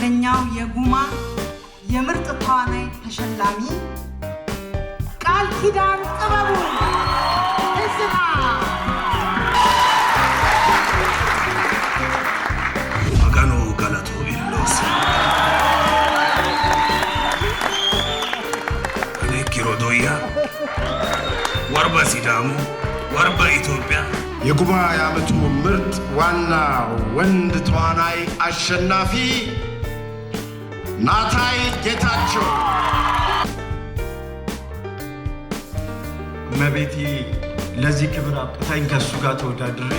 አንደኛው የጉማ የምርጥ ተዋናይ ተሸላሚ ቃል ኪዳን ጥበቡ እዝና ወርበ ሲዳሙ ወርበ ኢትዮጵያ የጉማ የዓመቱ ምርጥ ዋና ወንድ ተዋናይ አሸናፊ ናታይ ጌታቸው። እመቤቴ ለዚህ ክብር አብቅታኝ ከእሱ ጋር ተወዳድሬ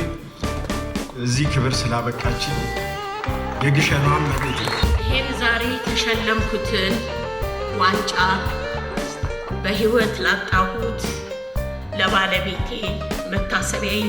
እዚህ ክብር ስላበቃችን የግሸኗ እመቤቴ ይህን ዛሬ ተሸለምኩትን ዋንጫ በህይወት ላጣሁት ለባለቤቴ መታሰቢያ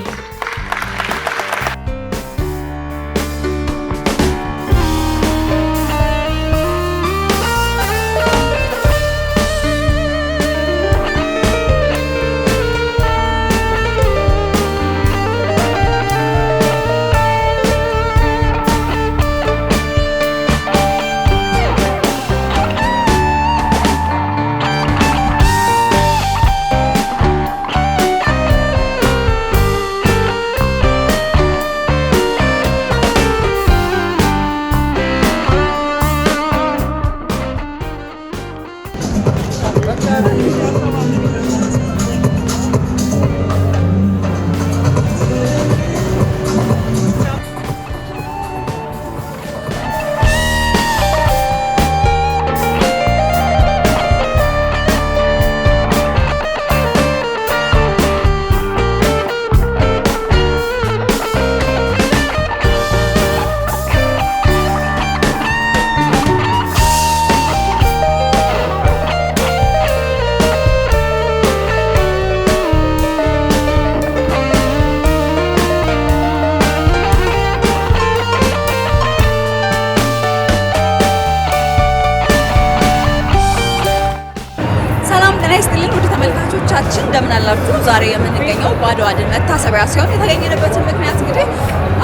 ዛሬ የምንገኘው ባድዋ ድል መታሰቢያ ሲሆን የተገኘንበትን ምክንያት እንግዲህ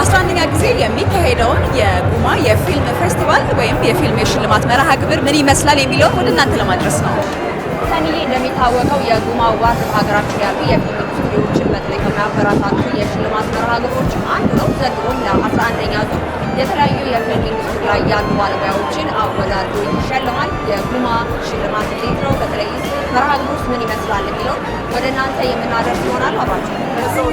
አስራ አንደኛ ጊዜ የሚካሄደውን የጉማ የፊልም ፌስቲቫል ወይም የፊልም የሽልማት መርሃ ግብር ምን ይመስላል የሚለውን ወደ እናንተ ለማድረስ ነው። ሰኒዬ እንደሚታወቀው የጉማ ዋት በሀገራችን ያሉ የፊልም ስቱዲዮዎችን በተለይ ከሚያበረታቱ የሽልማት መርሃ ግብሮች አንዱ ነው። ዘንድሮም ለአስራ አንደኛ ዙር የተለያዩ የፊልም ኢንዱስትሪ ላይ ያሉ ባለሙያዎችን አወዳድሮ ይሸልማል። የጉማ ሽልማት ሌት ነው በተለይ መርሃ ግብሩ ምን ይመስላል የሚለው ወደ እናንተ የምናደርስ ይሆናል። አብራችሁ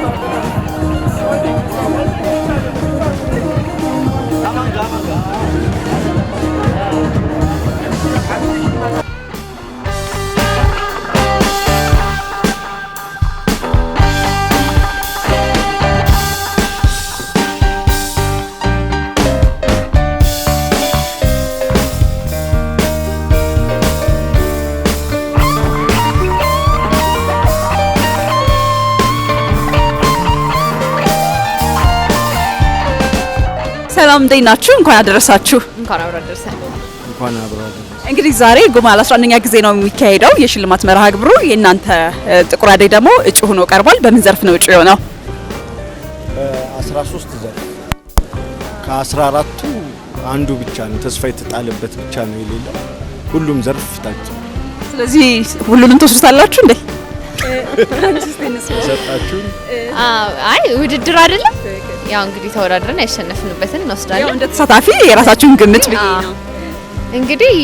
እንዴት ናችሁ? እንኳን አደረሳችሁ። እንኳን አብሮ እንኳን አብሮ እንግዲህ ዛሬ ጉማ ለ11ኛ ጊዜ ነው የሚካሄደው የሽልማት መርሃ ግብሩ። የእናንተ ጥቁር አደይ ደግሞ እጩ ሆኖ ቀርቧል። በምን ዘርፍ ነው እጩ የሆነው? በ13 ዘርፍ ከ14ቱ አንዱ ብቻ ነው ተስፋ የተጣለበት ብቻ ነው የሌለው። ሁሉም ዘርፍ ታጭ። ስለዚህ ሁሉንም ተወስዱታላችሁ እንዴ? አይ ውድድር አይደለም ያው እንግዲህ ተወዳድረን ያሸነፍንበትን እንወስዳለን። እንደ ተሳታፊ የራሳችሁን ግምት ነው እንግዲህ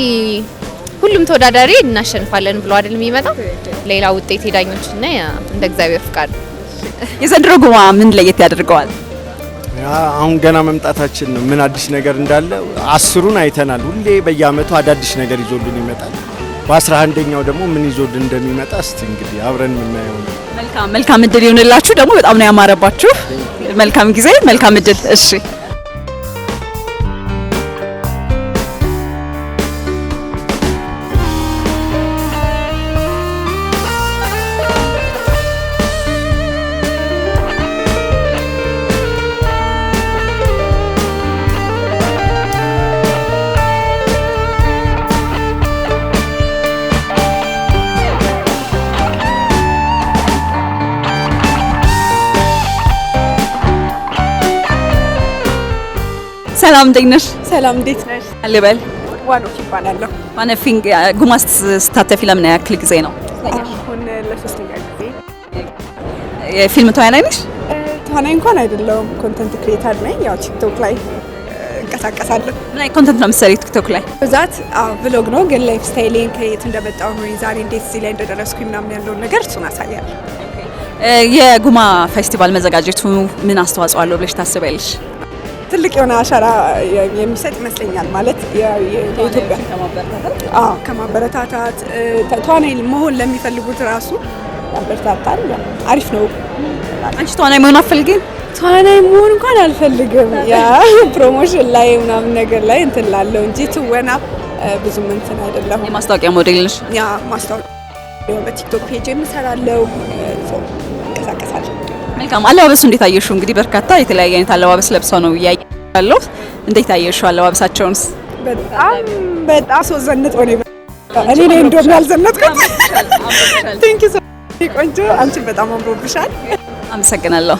ሁሉም ተወዳዳሪ እናሸንፋለን ብሎ አይደል የሚመጣው። ሌላ ውጤት የዳኞች እና እንደ እግዚአብሔር ፍቃድ። የዘንድሮ ጉማ ምን ለየት ያደርገዋል? አሁን ገና መምጣታችን ነው። ምን አዲስ ነገር እንዳለ አስሩን አይተናል። ሁሌ በየአመቱ አዳዲስ ነገር ይዞልን ይመጣል። በአስራ አንደኛው ደግሞ ምን ይዞ እንደሚመጣ እስቲ እንግዲህ አብረን የምናየው ነው። መልካም መልካም እድል ይሆንላችሁ። ደግሞ በጣም ነው ያማረባችሁ። መልካም ጊዜ፣ መልካም እድል። እሺ ሰላም እንዴት ነሽ? ሰላም እንዴት ነሽ? አለበል ዋኖፍ ይባላለሁ። ዋኖፊንግ ጉማስ ስታተፊ ለምን ያክል ጊዜ ነው? አሁን ለሶስተኛ ጊዜ። የፊልም ተዋናይ ነሽ? ተዋናይ እንኳን አይደለሁም፣ ኮንተንት ክሬተር ነኝ። ያው ቲክቶክ ላይ እንቀሳቀሳለሁ። ምን አይ ኮንተንት ነው የምትሰሪው ቲክቶክ ላይ? ብዛት ብሎግ ነው፣ ግን ላይፍ ስታይሌን ከየት እንደመጣው ነው ዛሬ እንዴት እዚህ ላይ እንደደረስኩኝ ምናምን ያለውን ነገር እሱን አሳያለሁ። የጉማ ፌስቲቫል መዘጋጀቱ ምን አስተዋጽኦ አለው ብለሽ ታስቢያለሽ? ትልቅ የሆነ አሻራ የሚሰጥ ይመስለኛል። ማለት የኢትዮጵያ ከማበረታታት ተዋናይ መሆን ለሚፈልጉት ራሱ ያበረታታል። አሪፍ ነው። አንቺ ተዋናይ መሆን አፈልግም? ተዋናይ መሆን እንኳን አልፈልግም። ያ ፕሮሞሽን ላይ ምናምን ነገር ላይ እንትን ላለው እንጂ ትወና ብዙም እንትን አይደለሁም። የማስታወቂያ ሞዴል ነሽ? ያ ማስታወቂያ በቲክቶክ ፔጅ የምሰራለው መልካም። አለባበሱ እንዴት አየሹ? እንግዲህ በርካታ የተለያየ አይነት አለባበስ ለብሰው ነው እያየ ያለው። እንዴት አየሽው አለባበሳቸውን? በጣም በጣም ሰው ዘንጦ ነው። እኔ ላይ እንደውም ያልዘነጥኩት። ቴንክ ዩ ቆንጆ። አንቺን በጣም አምሮብሻል። አመሰግናለሁ።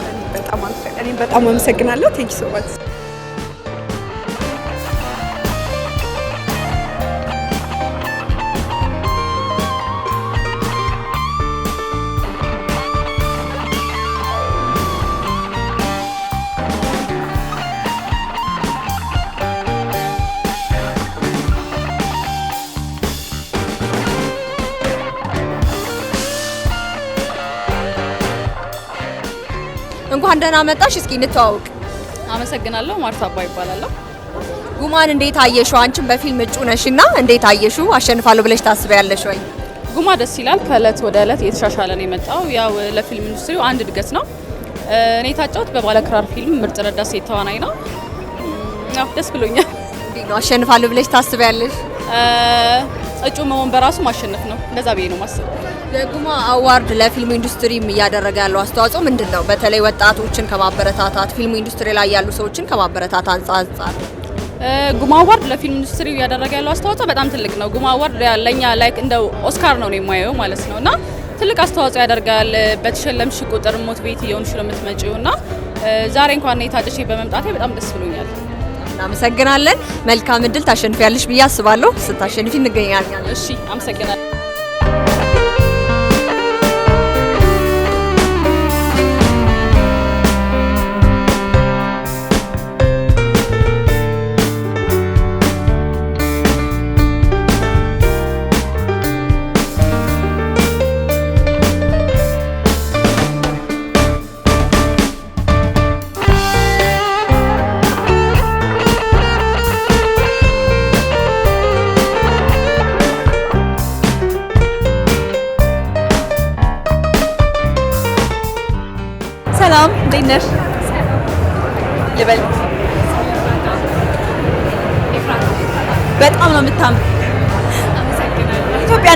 በጣም አመሰግናለሁ። ቴንክ ዩ ሶ ማች እንኳን ደህና መጣሽ። እስኪ እንተዋወቅ። አመሰግናለሁ። ማርታ አባ ይባላለሁ። ጉማን እንዴት አየሽው? አንቺም በፊልም እጩ ነሽና እንዴት አየሽው? አሸንፋለሁ ብለሽ ታስቢያለሽ ወይ? ጉማ ደስ ይላል። ከእለት ወደ እለት እየተሻሻለ ነው የመጣው። ያው ለፊልም ኢንዱስትሪው አንድ እድገት ነው። እኔ በባለ በባለክራር ፊልም ምርጥ ረዳት ሴት ተዋናይ ነው። ያው ደስ ብሎኛል። እንዴት ነው አሸንፋለሁ ብለሽ ታስቢያለሽ? እጩ መሆን በራሱ ማሸነፍ ነው። እንደዛ ብዬ ነው ማስበው። ደግሞ አዋርድ ለፊልም ኢንዱስትሪም እያደረገ ያለው አስተዋጽኦ ምንድን ነው? በተለይ ወጣቶችን ከማበረታታት ፊልም ኢንዱስትሪ ላይ ያሉ ሰዎችን ከማበረታታት አንጻር ጉማ አዋርድ ለፊልም ኢንዱስትሪ እያደረገ ያለው አስተዋጽኦ በጣም ትልቅ ነው። ጉማ አዋርድ ለእኛ ላይክ እንደ ኦስካር ነው የማየው ማለት ነው እና ትልቅ አስተዋጽኦ ያደርጋል። በተሸለምሽ ቁጥር ሞት ቤት እየሆንሽ ነው የምትመጪው እና ዛሬ እንኳን የታጨሽ በመምጣቴ በጣም ደስ ብሎኛል። እናመሰግናለን። መልካም እድል ታሸንፊያለሽ ብዬ አስባለሁ። ስታሸንፊ እንገኛለን። እሺ አመሰግናለሁ።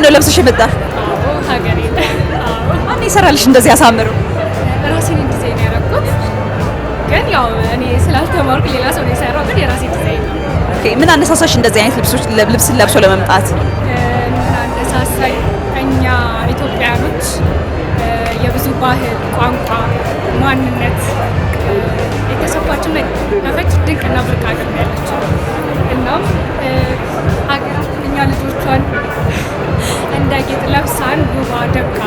ነው ለብሰሽ የመጣ ሀገሬ ማን ይሰራልሽ እንደዚህ ያሳምሩ? ራሴን ዲዛይን ያደረኩት ግን ያው እኔ ስላልተማርኩ ሌላ ሰው ነው የሰራው፣ ግን የራሴ ዲዛይን ነው። ኦኬ ምን አነሳሳሽ እንደዚህ አይነት ልብሶች ልብስ ለብሶ ለመምጣት? ምን አነሳሳኝ? እኛ ኢትዮጵያኖች የብዙ ባህል፣ ቋንቋ፣ ማንነት የተሰፋችን ነፈች ድንቅና ብርቅ አገር ያለችው እናም ሀገራችን እኛ ልጆቿን እንደ ጌጥ ለብሳን ጉባ ደብቃ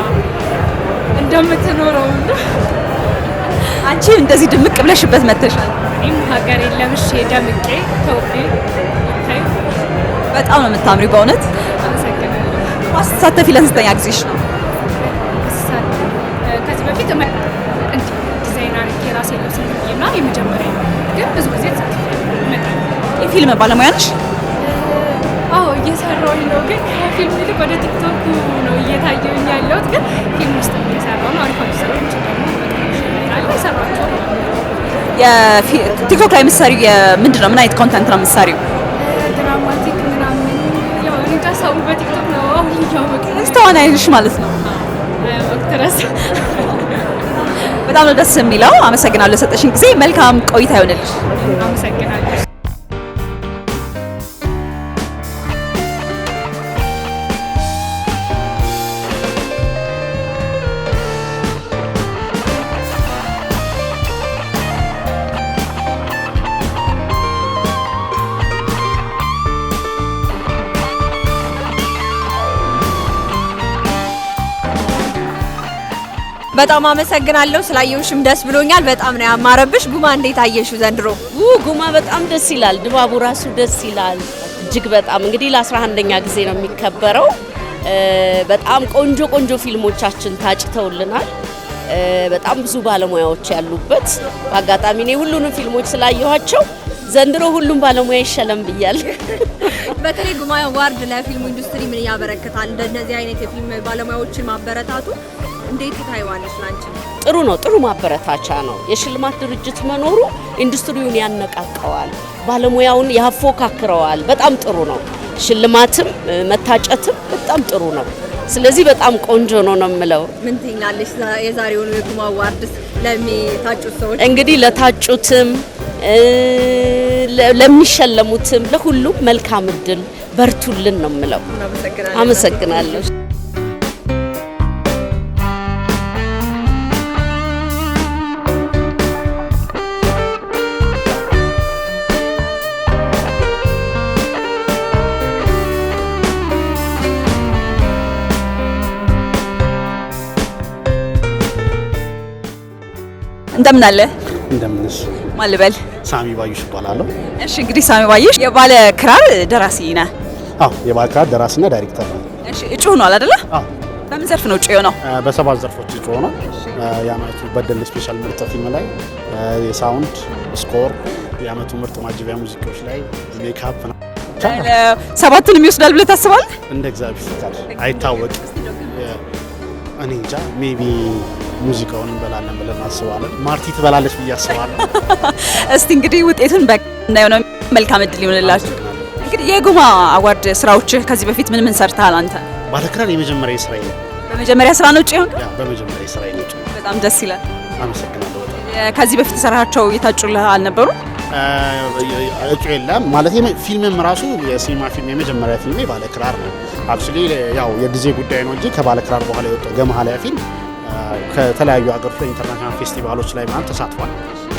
እንደምትኖረው አንቺ እንደዚህ ድምቅ ብለሽበት መተሻል። እኔም ሀገሬን ለብሼ ደምቄ ተውቤ በጣም ነው የምታምሪው በእውነት አመሰግናለሁ። ማስተሳተፊ ለስንተኛ ጊዜሽ ነው? ከዚህ በፊት ዲዛይን አድርጌ ራሴ ልብስ እና የመጀመሪያ ግን ብዙ ጊዜ ፊልም ባለሙያ ነሽ? እየሰራሁኝ ነው፣ ግን ከፊልም ይልቅ ወደ ቲክቶክ ነው እየታየሁኝ ያለሁት። ግን ፊልም ውስጥ እየሰራሁ ነው። አሪፍ ስራዎች ደግሞ ሰራቸው። ቲክቶክ ላይ የምትሰሪው ምንድን ነው? ምን አይነት ኮንተንት ነው የምትሰሪው? ድራማቲክ ምናምን እንጃ። ሰው በቲክቶክ ነው አሁን እያወቅን ስተሆን አይልሽ ማለት ነው። ወቅትረስ በጣም ነው ደስ የሚለው። አመሰግናለሁ ለሰጠሽን ጊዜ። መልካም ቆይታ ይሆንልሽ። አመሰግናለሁ። በጣም አመሰግናለሁ። ስላየሁሽም ደስ ብሎኛል። በጣም ነው ያማረብሽ። ጉማ እንዴት አየሹ ዘንድሮ? ጉማ በጣም ደስ ይላል። ድባቡ ራሱ ደስ ይላል እጅግ በጣም እንግዲህ ለ11ኛ ጊዜ ነው የሚከበረው። በጣም ቆንጆ ቆንጆ ፊልሞቻችን ታጭተውልናል። በጣም ብዙ ባለሙያዎች ያሉበት በአጋጣሚ እኔ ሁሉንም ፊልሞች ስላየኋቸው ዘንድሮ ሁሉም ባለሙያ ይሸለም ብያል። በተለይ ጉማ አዋርድ ለፊልሙ ኢንዱስትሪ ምን ያበረክታል? እንደነዚህ አይነት የፊልም ባለሙያዎችን ማበረታቱ እንዴት ታይዋለች? ላንቺ ጥሩ ነው፣ ጥሩ ማበረታቻ ነው። የሽልማት ድርጅት መኖሩ ኢንዱስትሪውን ያነቃቀዋል፣ ባለሙያውን ያፎካክረዋል። በጣም ጥሩ ነው። ሽልማትም መታጨትም በጣም ጥሩ ነው። ስለዚህ በጣም ቆንጆ ነው ነው የምለው። ምን ትይኛለሽ? የዛሬውን የጉማ አዋርድስ ለሚታጩት ሰዎች እንግዲህ ለታጩትም ለሚሸለሙትም ለሁሉም መልካም እድል በርቱልን ነው የምለው። አመሰግናለሁ። እንደምን አለ? እንደምንስ ማልበል ሳሚ ባዩሽ እባላለሁ። እሺ እንግዲህ ሳሚ ባዩሽ የባለ ክራር ደራሲ ነ? አዎ የባለ ክራር ደራሲና ዳይሬክተር ነው። እሺ እጩ ሆኗል አይደለ? አዎ። በምን ዘርፍ ነው እጩ የሆነው? በሰባት ዘርፎች እጩ ሆኗል። የዓመቱ በደል ስፔሻል ምርጥ ፊልም ላይ የሳውንድ ስኮር፣ የዓመቱ ምርጥ ማጀቢያ ሙዚቃዎች ላይ ሜካፕ ነው ሰባቱንም ይወስዳል ብለህ ታስባለህ? እንደ እግዚአብሔር ፍቃድ አይታወቅም። እኔ እንጃ ሜቢ ሙዚቃውን እንበላለን ብለን አስባለን። ማርቲ ትበላለች ብዬ አስባለሁ። እስቲ እንግዲህ ውጤቱን በእናየው ነው። መልካም እድል ይሆንላችሁ። እንግዲህ የጉማ አዋርድ ስራዎች ከዚህ በፊት ምን ምን ሰርተሃል አንተ? ባለክራር የመጀመሪያ ስራ ነው። በመጀመሪያ ስራ ነው ጭሆን? በመጀመሪያ ስራ ነው። በጣም ደስ ይላል። አመሰግናለሁ። በጣም ከዚህ በፊት የሰራቸው የታጩልህ አልነበሩ? እጩ የለም ማለት ፊልምም ራሱ የሲኒማ ፊልም የመጀመሪያ ፊልሜ ባለክራር ነው። አብሶሊ ያው የጊዜ ጉዳይ ነው እንጂ ከባለክራር በኋላ የወጣው ገመሃላያ ፊልም ከተለያዩ ሀገሮች ላይ ኢንተርናሽናል ፌስቲቫሎች ላይ ምናምን ተሳትፏል።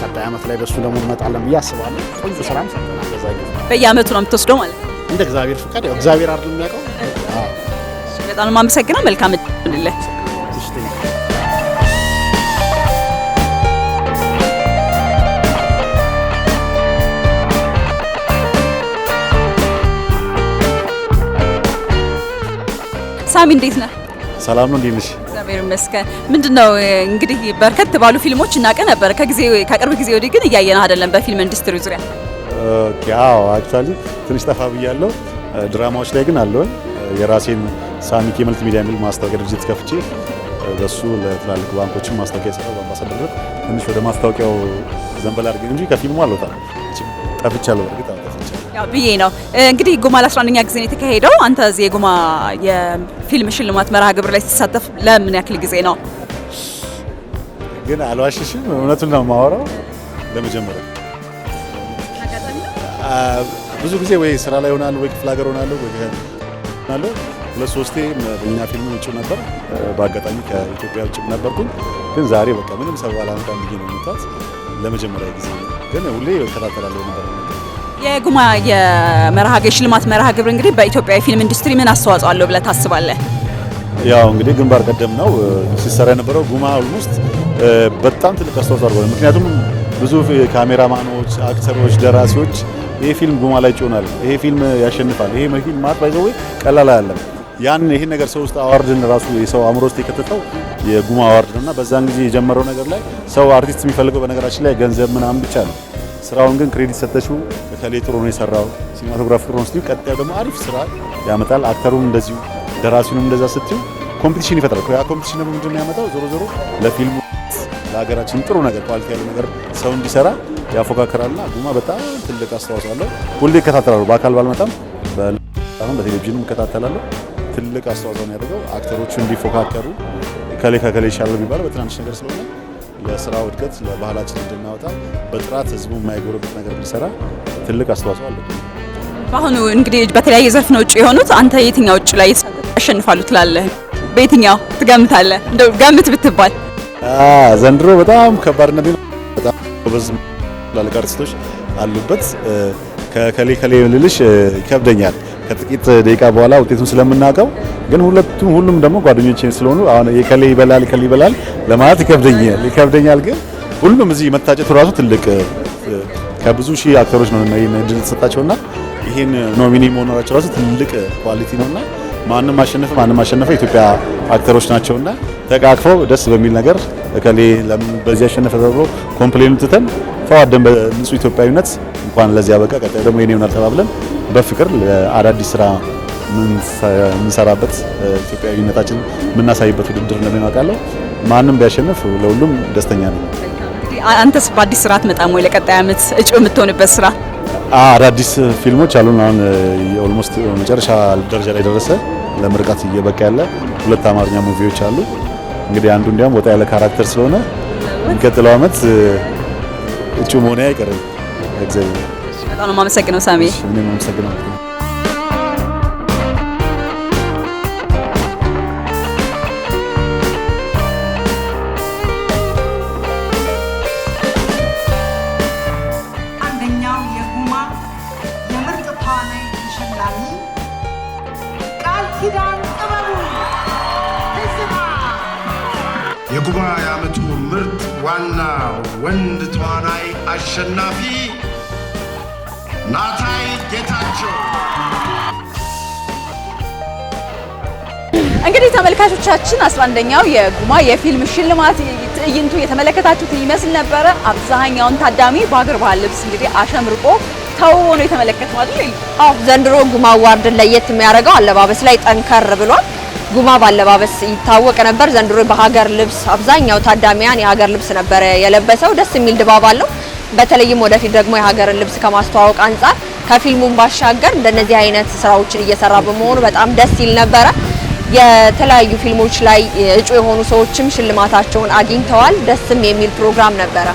ቀጣይ ዓመት ላይ በሱ ደግሞ እንመጣለን ብዬ አስባለሁ። ቆንጆ ስራም ሰርተናል። በዛ በየአመቱ ነው የምትወስደው ማለት ነው። እንደ እግዚአብሔር ፍቃድ ያው እግዚአብሔር አይደል የሚያውቀው። በጣም የማመሰግነው። መልካም ልለ ሳሚ እንዴት ነህ? ሰላም ነው። እንዴት ነሽ? ተመስገን ምንድን ነው እንግዲህ በርከት ባሉ ፊልሞች እናቀ ነበር። ከቅርብ ጊዜ ወዲህ ግን እያየን አይደለም። በፊልም ኢንዱስትሪ ዙሪያ ኦኬ። አዎ አክቹአሊ ትንሽ ጠፋ ብያለሁ። ድራማዎች ላይ ግን አለውን የራሴን ሳሚኪ መልቲ ሚዲያ የሚል ማስታወቂያ ድርጅት ከፍቼ በሱ ለትላልቅ ባንኮችን ማስታወቂያ የሰራው በአምባሳደርነት ትንሽ ወደ ማስታወቂያው ዘንበል አድርገን እንጂ ከፊልሙ አልወጣም። ጠፍቻለሁ በእርግጥ ጠፍቻለሁ ብዬ ነው እንግዲህ ጉማ ለአስራ 11 ኛ ጊዜ ነው የተካሄደው። አንተ እዚህ የጉማ ፊልም ሽልማት መርሃ ግብር ላይ ሲሳተፍ ለምን ያክል ጊዜ ነው? ግን አልዋሽሽም፣ እውነቱን ነው የማወራው። ለመጀመሪያ ብዙ ጊዜ ወይ ስራ ላይ ሆናል፣ ወይ ክፍለ ሀገር ሆናለሁ፣ ወይ ሆናለሁ። ሁለት ሶስቴ በእኛ ፊልም ውጭ ነበር፣ በአጋጣሚ ከኢትዮጵያ ውጭ ነበርኩኝ። ግን ዛሬ በቃ ምንም ሰው ባላንዳን ብዬ ነው የሚታት ለመጀመሪያ ጊዜ ግን ሁሌ እከታተላለሁ ነበር። የጉማ የመርሃ የሽልማት መርሃ ግብር እንግዲህ በኢትዮጵያ የፊልም ኢንዱስትሪ ምን አስተዋጽኦ አለው ብለህ ታስባለህ? ያው እንግዲህ ግንባር ቀደም ነው ሲሰራ የነበረው ጉማ ውስጥ በጣም ትልቅ አስተዋጽኦ አድርጓል። ምክንያቱም ብዙ ካሜራማኖች፣ አክተሮች፣ ደራሲዎች ይሄ ፊልም ጉማ ላይ ይጮናል፣ ይሄ ፊልም ያሸንፋል፣ ይሄ ፊልም ማት ባይዘው ቀላል አይደለም። ያን ይሄን ነገር ሰው ውስጥ አዋርድን ራሱ የሰው አእምሮ ውስጥ የከተተው የጉማ አዋርድ ነውና በዛን ጊዜ የጀመረው ነገር ላይ ሰው አርቲስት የሚፈልገው በነገራችን ላይ ገንዘብ ምናምን ብቻ ነው ስራውን ግን ክሬዲት ሰጠችው። በተለይ ጥሩ ነው የሰራው ሲኒማቶግራፊ ጥሩ ነው ስትዩ፣ ቀጣዩ ደግሞ አሪፍ ስራ ያመጣል። አክተሩም እንደዚሁ ደራሲውንም እንደዛ ስትዩ ኮምፒቲሽን ይፈጥራል። ያ ኮምፒቲሽን ደግሞ ምንድን ነው ያመጣው? ዞሮ ዞሮ ለፊልሙ ለሀገራችን ጥሩ ነገር ኳሊቲ ያለው ነገር ሰው እንዲሰራ ያፎካክራልና ጉማ በጣም ትልቅ አስተዋጽኦ አለው። ሁሌ ይከታተላሉ። በአካል ባልመጣም በሁን በቴሌቪዥንም እከታተላለሁ። ትልቅ አስተዋጽኦ ነው ያደርገው አክተሮቹ እንዲፎካከሩ ከሌ ከከሌ ይሻላል ቢባል በትናንሽ ነገር ስለሆነ ለስራው እድገት ለባህላችን እንድናወጣ በጥራት ህዝቡ የማይጎረበት ነገር እንዲሰራ ትልቅ አስተዋጽኦ አለ። በአሁኑ እንግዲህ በተለያየ ዘርፍ ነው እጩ የሆኑት። አንተ የትኛው እጩ ላይ ያሸንፋሉ ትላለህ? በየትኛው ትገምታለህ? እንደው ገምት ብትባል ዘንድሮ በጣም ከባድ ነው። በጣም ብዙ አርቲስቶች አሉበት። ከከሌ ከሌ ልልሽ ይከብደኛል። ከጥቂት ደቂቃ በኋላ ውጤቱን ስለምናውቀው ግን ሁለቱም ሁሉም ደግሞ ጓደኞቼ ስለሆኑ አሁን የከሌ ይበላል ከሌ ይበላል ለማለት ይከብደኛል ይከብደኛል ግን ሁሉም እዚህ መታጨቱ ራሱ ትልቅ ከብዙ ሺህ አክተሮች ነው ድል የተሰጣቸውና ይህን ኖሚኒ መሆናቸው ራሱ ትልቅ ኳሊቲ ነውና ማንም አሸነፈ ማንም አሸነፈ ኢትዮጵያ አክተሮች ናቸውና ተቃቅፈው ደስ በሚል ነገር እከሌ በዚህ አሸነፈ ተብሎ ኮምፕሌኑ ትተን ፈዋደን በንጹህ ኢትዮጵያዊነት እንኳን ለዚያ በቃ ቀጣይ ደግሞ የኔ ይሆናል ተባብለን በፍቅር አዳዲስ ስራ የምንሰራበት ኢትዮጵያዊነታችን የምናሳይበት ውድድር እንደሚሆን አውቃለሁ። ማንም ቢያሸንፍ ለሁሉም ደስተኛ ነው አንተስ በአዲስ ስራ አትመጣም ወይ? ለቀጣይ ዓመት እጩ የምትሆንበት ስራ? አዳዲስ ፊልሞች አሉን። አሁን ኦልሞስት መጨረሻ ደረጃ ላይ ደረሰ፣ ለምርቃት እየበቃ ያለ ሁለት አማርኛ ሙቪዎች አሉ። እንግዲህ አንዱ እንዲያውም ወጣ ያለ ካራክተር ስለሆነ የሚቀጥለው ዓመት እጩ መሆን አይቀርም። እግዚአብሔር በጣም ነው የማመሰግነው ሳሚ። እኔም አመሰግናለሁ። የጉባ የዓመቱ ምርጥ ዋና ወንድ ተዋናይ አሸናፊ እንግዲህ ተመልካቾቻችን አስራ አንደኛው የጉማ የፊልም ሽልማት ትዕይንቱ የተመለከታችሁት ይመስል ነበረ። አብዛኛውን ታዳሚ በአገር ባህል ልብስ እንግዲህ አሸምርቆ ተውቦ ነው የተመለከት ማለት አዎ፣ ዘንድሮ ጉማ አዋርድን ለየት የሚያደርገው አለባበስ ላይ ጠንከር ብሏል። ጉማ ባለባበስ ይታወቅ ነበር። ዘንድሮ በሀገር ልብስ አብዛኛው ታዳሚያን የሀገር ልብስ ነበረ የለበሰው። ደስ የሚል ድባብ አለው። በተለይም ወደፊት ደግሞ የሀገርን ልብስ ከማስተዋወቅ አንጻር ከፊልሙን ባሻገር እንደነዚህ አይነት ስራዎችን እየሰራ በመሆኑ በጣም ደስ ይል ነበረ። የተለያዩ ፊልሞች ላይ እጩ የሆኑ ሰዎችም ሽልማታቸውን አግኝተዋል። ደስም የሚል ፕሮግራም ነበረ።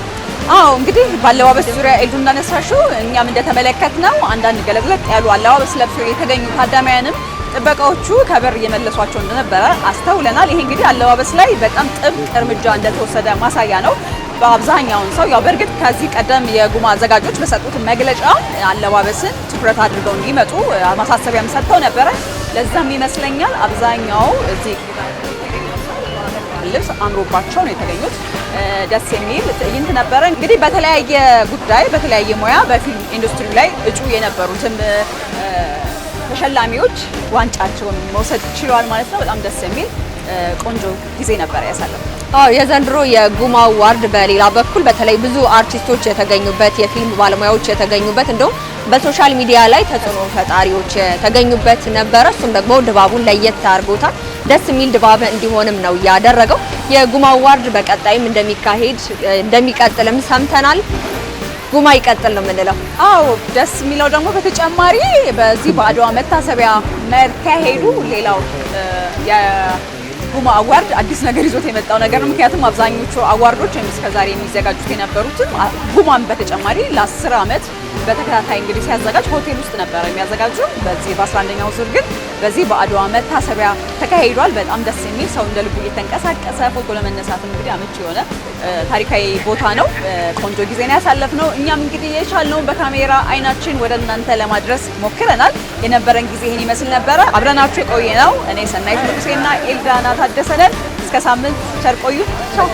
አዎ እንግዲህ በአለባበስ ዙሪያ ኤልዱ እንዳነሳሽው እኛም እንደተመለከትነው አንዳንድ ገለግለጥ ያሉ አለባበስ ለብሶ የተገኙ ታዳሚያንም ጥበቃዎቹ ከበር እየመለሷቸው እንደነበረ አስተውለናል። ይሄ እንግዲህ አለባበስ ላይ በጣም ጥብቅ እርምጃ እንደተወሰደ ማሳያ ነው። በአብዛኛውን ሰው ያው በእርግጥ ከዚህ ቀደም የጉማ አዘጋጆች በሰጡት መግለጫ አለባበስን ትኩረት አድርገው እንዲመጡ ማሳሰቢያም ሰጥተው ነበረ። ለዛም ይመስለኛል አብዛኛው እዚህ ልብስ አምሮባቸው ነው የተገኙት። ደስ የሚል ትዕይንት ነበረ። እንግዲህ በተለያየ ጉዳይ በተለያየ ሙያ በፊልም ኢንዱስትሪ ላይ እጩ የነበሩትም ተሸላሚዎች ዋንጫቸውን መውሰድ ችለዋል ማለት ነው። በጣም ደስ የሚል ቆንጆ ጊዜ ነበር ያሳለፍነው። አዎ የዘንድሮ የጉማ አዋርድ በሌላ በኩል በተለይ ብዙ አርቲስቶች የተገኙበት የፊልም ባለሙያዎች የተገኙበት እንደውም በሶሻል ሚዲያ ላይ ተጽዕኖ ፈጣሪዎች የተገኙበት ነበረ። እሱም ደግሞ ድባቡን ለየት አድርጎታል። ደስ የሚል ድባብ እንዲሆንም ነው ያደረገው። የጉማ አዋርድ በቀጣይም እንደሚካሄድ እንደሚቀጥልም ሰምተናል። ጉማ ይቀጥል ነው የምንለው። አዎ ደስ የሚለው ደግሞ በተጨማሪ በዚህ በአድዋ መታሰቢያ መካሄዱ ሌላው ጉማ አዋርድ አዲስ ነገር ይዞት የመጣው ነገር ነው። ምክንያቱም አብዛኞቹ አዋርዶች ወይም እስከዛሬ የሚዘጋጁት የነበሩትም ጉማን በተጨማሪ ለአስር ዓመት በተከታታይ እንግዲህ ሲያዘጋጅ ሆቴል ውስጥ ነበረ የሚያዘጋጁ። በዚህ በ11ኛው ዙር ግን በዚህ በአድዋ መታሰቢያ ተካሂዷል። በጣም ደስ የሚል ሰው እንደ ልቡ እየተንቀሳቀሰ ፎቶ ለመነሳት እንግዲህ አመቺ የሆነ ታሪካዊ ቦታ ነው። ቆንጆ ጊዜን ያሳለፍነው እኛም እንግዲህ የቻልነውን በካሜራ አይናችን ወደ እናንተ ለማድረስ ሞክረናል። የነበረን ጊዜ ይህን ይመስል ነበረ። አብረናችሁ የቆየ ነው እኔ ሰናይት ንጉሴና ኤልዳና ታደሰ እስከ ሳምንት ቸር ቆዩ። ቻው